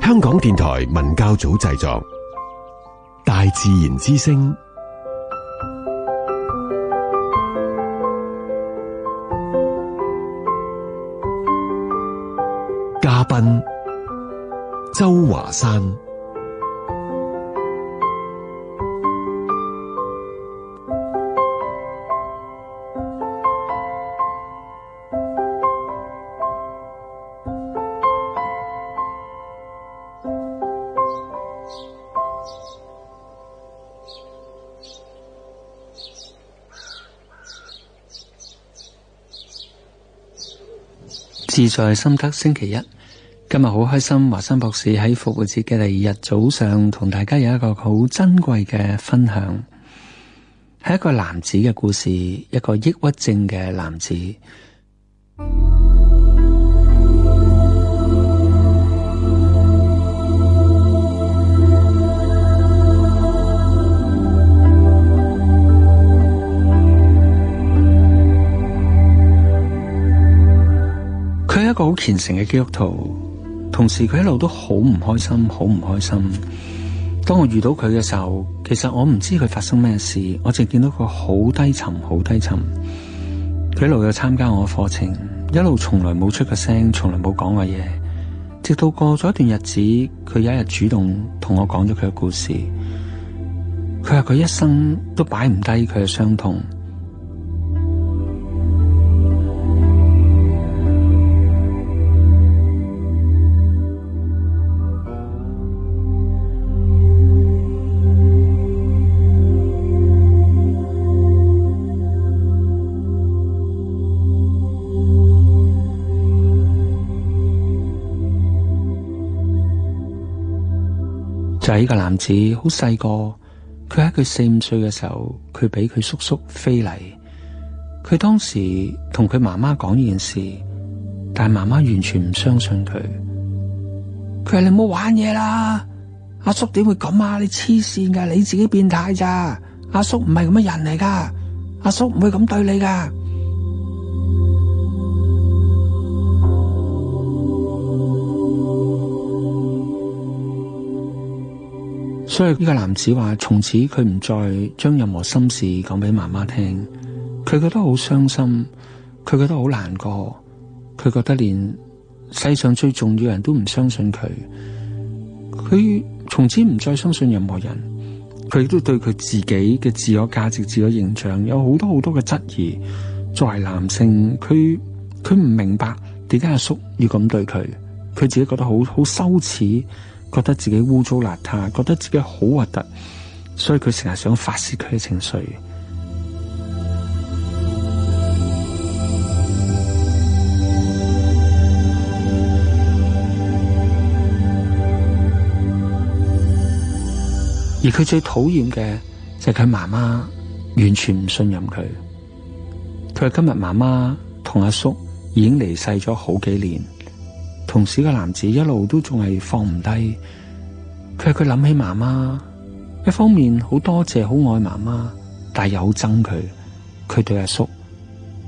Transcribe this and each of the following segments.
香港電台文教組製作《大自然之聲》。嘉賓周華山。自在心得星期一，今日好開心，華山博士喺復活節嘅第二日早上同大家有一個好珍貴嘅分享，係一個男子嘅故事，一個抑鬱症嘅男子。佢係一個好虔誠嘅基督徒，同時佢一路都好唔開心，好唔開心。當我遇到佢嘅時候，其實我唔知佢發生咩事，我淨見到佢好低沉，好低沉。佢一路有參加我嘅課程，一路從來冇出個聲，從來冇講過嘢。直到過咗一段日子，佢有一日主動同我講咗佢嘅故事。佢話佢一生都擺唔低佢嘅傷痛。就係呢個男子好細個，佢喺佢四五歲嘅時候，佢俾佢叔叔非禮。佢當時同佢媽媽講呢件事，但係媽媽完全唔相信佢。佢話，你唔好玩嘢啦，阿叔點會咁啊？你黐線噶，你自己變態咋？阿叔唔係咁嘅人嚟噶，阿叔唔會咁對你噶。所以呢、這個男子話，從此佢唔再將任何心事講俾媽媽聽，佢覺得好傷心，佢覺得好難過，佢覺得連世上最重要人都唔相信佢，佢從此唔再相信任何人，佢亦都對佢自己嘅自我價值、自我形象有好多好多嘅質疑。作為男性，佢佢唔明白點解阿叔要咁對佢，佢自己覺得好好羞恥。覺得自己污糟邋遢，覺得自己好核突，所以佢成日想發洩佢嘅情緒。 而佢最討厭嘅就係佢媽媽完全唔信任佢。佢話今日媽媽同阿叔已經離世咗好幾年。同事嘅男子一路都仲係放唔低，佢，佢諗起媽媽，一方面好多謝好愛媽媽，但又好憎佢，佢對阿叔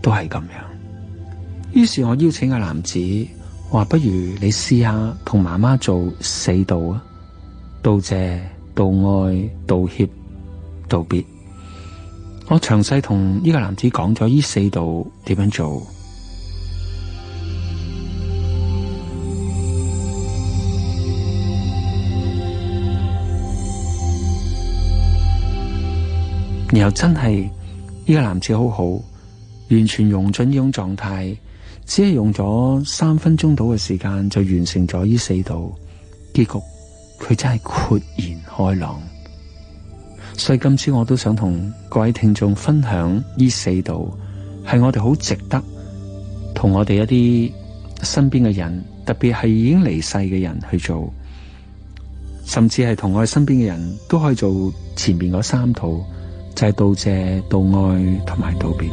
都係咁樣。於是我邀請個男子話：不如你試下同媽媽做四道啊，道謝、道愛、道歉、道別。我詳細同呢個男子講咗呢四道點樣做。然後真係呢個男子好好，完全融進呢種狀態，只係用咗三分鐘到嘅時間就完成咗呢四道。結局，佢真係豁然開朗。所以今次我都想同各位聽眾分享呢四道，係我哋好值得同我哋一啲身邊嘅人，特別係已經離世嘅人去做，甚至係同我哋身邊嘅人都可以做前面嗰三套。就係道謝、道愛同埋道別。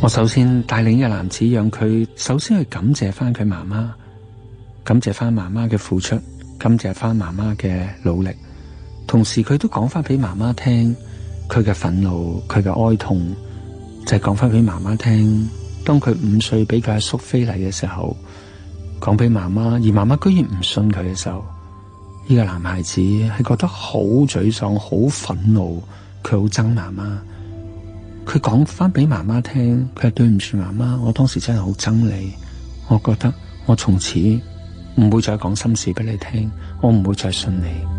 我首先帶領嘅男子，讓佢首先去感謝翻佢媽媽，感謝翻媽媽嘅付出，感謝翻媽媽嘅努力。同時，佢都講翻俾媽媽聽佢嘅憤怒、佢嘅哀痛。就係講翻俾媽媽聽，當佢五歲俾佢阿叔非禮嘅時候，講俾媽媽，而媽媽居然唔信佢嘅時候，呢、這個男孩子係覺得好沮喪、好憤怒，佢好憎媽媽。佢講翻俾媽媽聽，佢係對唔住媽媽，我當時真係好憎你，我覺得我從此唔會再講心事俾你聽，我唔會再信你。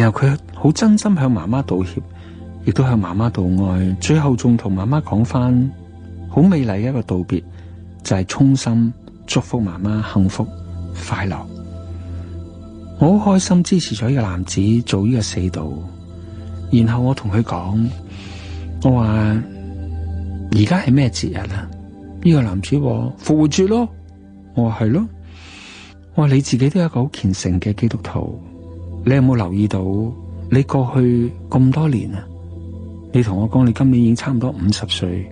然後佢好真心向媽媽道歉，亦都向媽媽道愛，最後仲同媽媽講翻好美麗一個道別，就係、是、衷心祝福媽媽幸福快樂。我好開心支持咗一個男子做呢個四道，然後我同佢講，我話而家係咩節日啊？呢、這個男子話復活節咯，我話係咯，我話你自己都係一個好虔誠嘅基督徒。你有冇留意到你過去咁多年啊？你同我講你今年已經差唔多五十歲，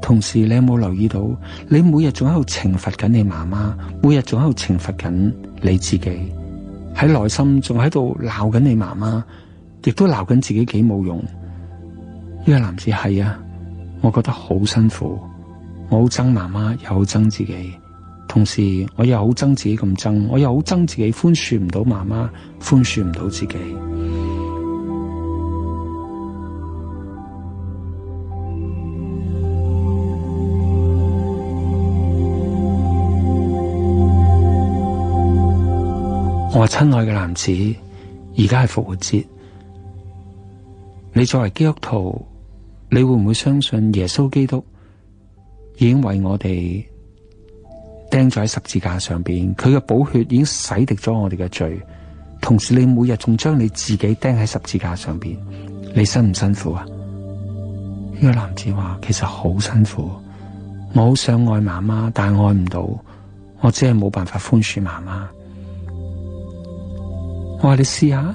同時你有冇留意到你每日仲喺度懲罰緊你媽媽，每日仲喺度懲罰緊你自己，喺內心仲喺度鬧緊你媽媽，亦都鬧緊自己幾冇用。呢個男子係啊，我覺得好辛苦，我好憎媽媽又好憎自己。同時，我又好憎自己咁憎，我又好憎自己，寬恕唔到媽媽，寬恕唔到自己。 我話親愛嘅男子，而家係復活節，你作為基督徒，你會唔會相信耶穌基督已經為我哋？釘咗喺十字架上邊，佢嘅寶血已經洗滌咗我哋嘅罪。同時，你每日仲將你自己釘喺十字架上邊，你辛唔辛苦啊？呢、這個男子話，其實好辛苦，我好想愛媽媽，但係愛唔到，我只係冇辦法寬恕媽媽。我話你試下，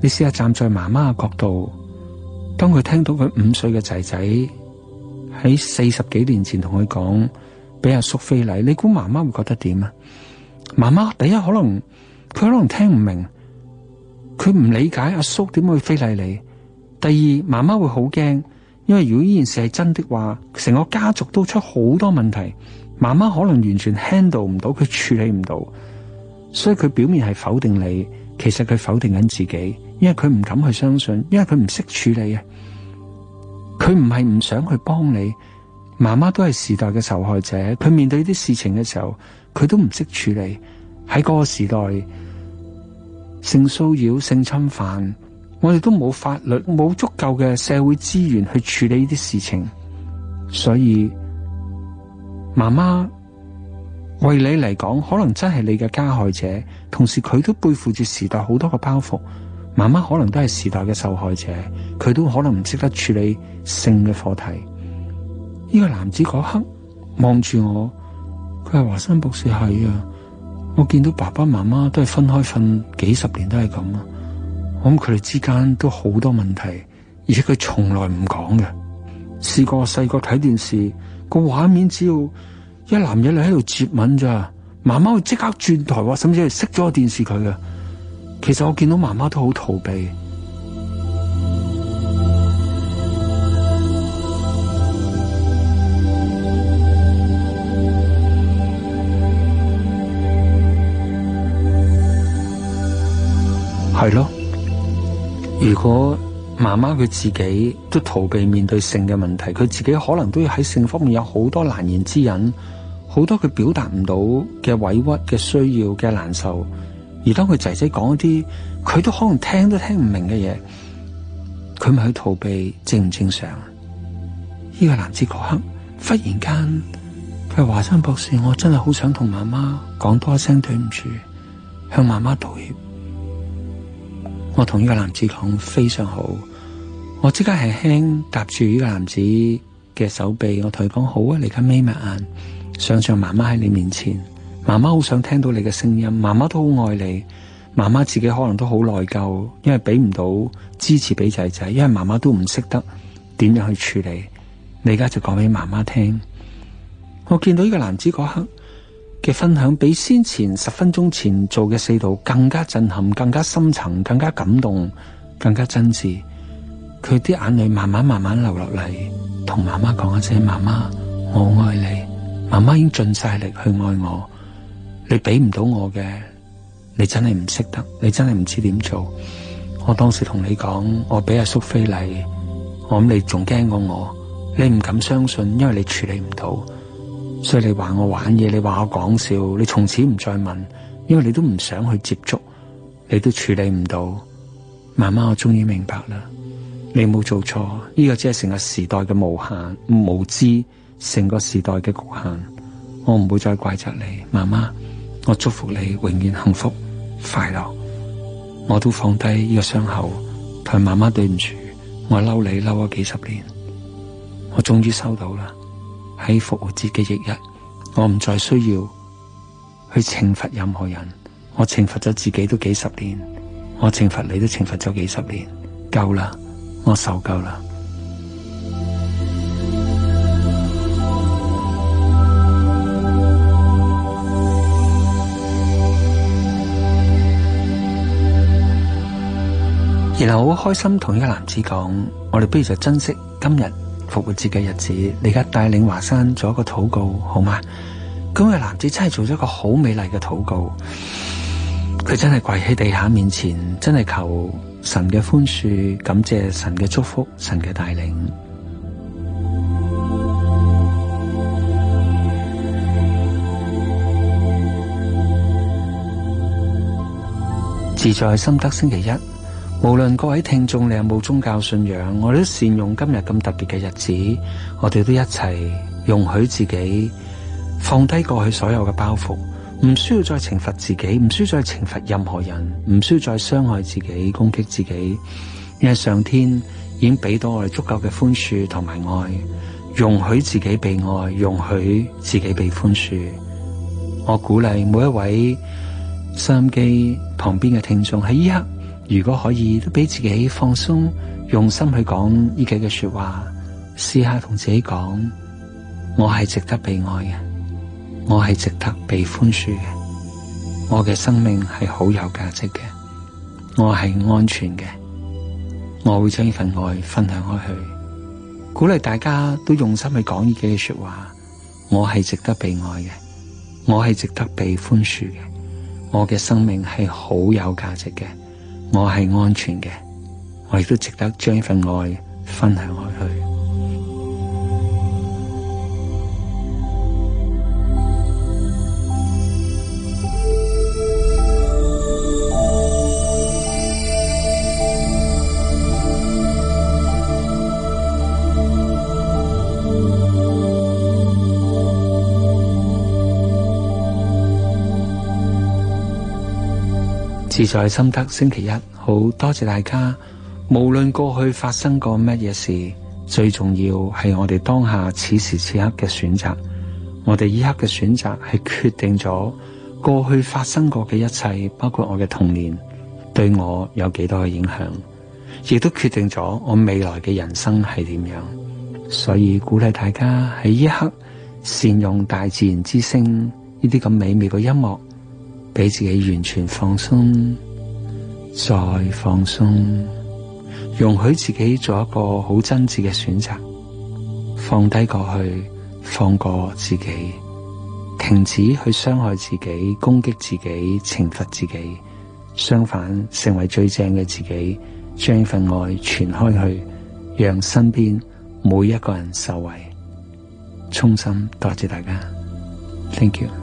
你試下站在媽媽嘅角度，當佢聽到佢五歲嘅仔仔喺四十幾年前同佢講。俾阿叔非禮，你估媽媽會覺得點啊？媽媽第一可能佢可能聽唔明，佢唔理解阿叔點會非禮你。第二媽媽會好驚，因為如果呢件事係真嘅話，成個家族都出好多問題。媽媽可能完全 handle 唔到，佢處理唔到，所以佢表面係否定你，其實佢否定緊自己，因為佢唔敢去相信，因為佢唔識處理啊。佢唔係唔想去幫你。媽媽都係時代嘅受害者，佢面對呢啲事情嘅時候，佢都唔識處理。喺嗰個時代，性騷擾、性侵犯，我哋都冇法律，冇足夠嘅社會資源去處理呢啲事情。所以，媽媽為你嚟講，可能真係你嘅加害者。同時，佢都背負住時代好多個包袱。媽媽可能都係時代嘅受害者，佢都可能唔識得處理性嘅課題。呢個男子嗰刻望住我，佢係，華山博士，係啊！我見到爸爸媽媽都係分開瞓，幾十年都係咁啊！我諗佢哋之間都好多問題，而且佢從來唔講嘅。試過細個睇電視，個畫面只要一男一女喺度接吻咋，媽媽會即刻轉台，甚至係熄咗個電視佢嘅。其實我見到媽媽都好逃避。係咯，如果媽媽佢自己都逃避面對性嘅問題，佢自己可能都要喺性方面有好多難言之隱，好多佢表達唔到嘅委屈嘅需要嘅難受。而當佢仔仔講一啲佢都可能聽都聽唔明嘅嘢，佢咪去逃避正唔正常？呢、這個男子嗰刻忽然間佢話咗，華山博士，我真係好想同媽媽講多一聲對唔住，向媽媽道歉。我同呢個男子講，非常好，我即刻係輕搭住呢個男子嘅手臂，我同佢講好啊，你而家眯埋眼，想象媽媽喺你面前，媽媽好想聽到你嘅聲音，媽媽都好愛你，媽媽自己可能都好內疚，因為俾唔到支持俾仔仔，因為媽媽都唔識得點樣去處理，你而家就講俾媽媽聽，我見到呢個男子嗰刻。嘅分享比先前十分鐘前做嘅四道更加震撼，更加深層，更加感動，更加真摯。佢啲眼淚慢慢慢慢流落嚟，同媽媽講一聲，媽媽，我愛你。媽媽已經盡晒力去愛我。你俾唔到我嘅，你真係唔識得，你真係唔知點做。我當時同你講，我俾阿叔非禮，我諗你仲驚過我，你唔敢相信，因為你處理唔到。所以你話我玩嘢，你話我講笑，你從此唔再問，因為你都唔想去接觸，你都處理唔到。媽媽，我終於明白啦，你冇做錯，呢個只係成個時代嘅無限無知，成個時代嘅局限。我唔會再怪責你，媽媽，我祝福你永遠幸福快樂。我都放低呢個傷口，同媽媽對唔住，我嬲你嬲咗幾十年，我終於收到啦。喺復活節嘅翌日，我唔再需要去懲罰任何人。我懲罰咗自己都幾十年，我懲罰你都懲罰咗幾十年，夠啦，我受夠啦。 然後好開心同一個男子講：我哋不如就珍惜今日。復活節嘅日子，你而家帶領華山做一個禱告，好嗎？咁、這、位、個、男子真係做咗一個好美麗嘅禱告，佢真係跪喺地下面前，真係求神嘅寬恕，感謝神嘅祝福，神嘅帶領。自在心得星期一。無論各位聽眾你有冇宗教信仰，我哋都善用今日咁特別嘅日子，我哋都一齊容許自己放低過去所有嘅包袱，唔需要再懲罰自己，唔需要再懲罰任何人，唔需要再傷害自己、攻擊自己，因為上天已經俾到我哋足夠嘅寬恕同埋愛，容許自己被愛，容許自己被寬恕。我鼓勵每一位收音機旁邊嘅聽眾喺呢一刻，如果可以都俾自己放鬆，用心去講呢幾句說話，試下同自己講：我係值得被愛嘅，我係值得被寬恕嘅，我嘅生命係好有價值嘅，我係安全嘅，我會將呢份愛分享開去，鼓勵大家都用心去講呢幾句說話。我係值得被愛嘅，我係值得被寬恕嘅，我嘅生命係好有價值嘅。我係安全嘅，我亦都值得將呢份愛分享落去。自在心得，星期一。好多謝大家。無論過去發生過乜嘢事，最重要係我哋當下此時此刻嘅選擇。我哋依刻嘅選擇係決定咗過去發生過嘅一切，包括我嘅童年對我有幾多嘅影響，亦都決定咗我未來嘅人生係點樣。所以鼓勵大家喺依刻善用大自然之聲呢啲咁美妙嘅音樂。俾自己完全放鬆，再放鬆，容許自己做一個好真摯嘅選擇，放低過去，放過自己，停止去傷害自己、攻擊自己、懲罰自己，相反成為最正嘅自己，將份愛傳開去，讓身邊每一個人受惠。衷心多謝大家，Thank you。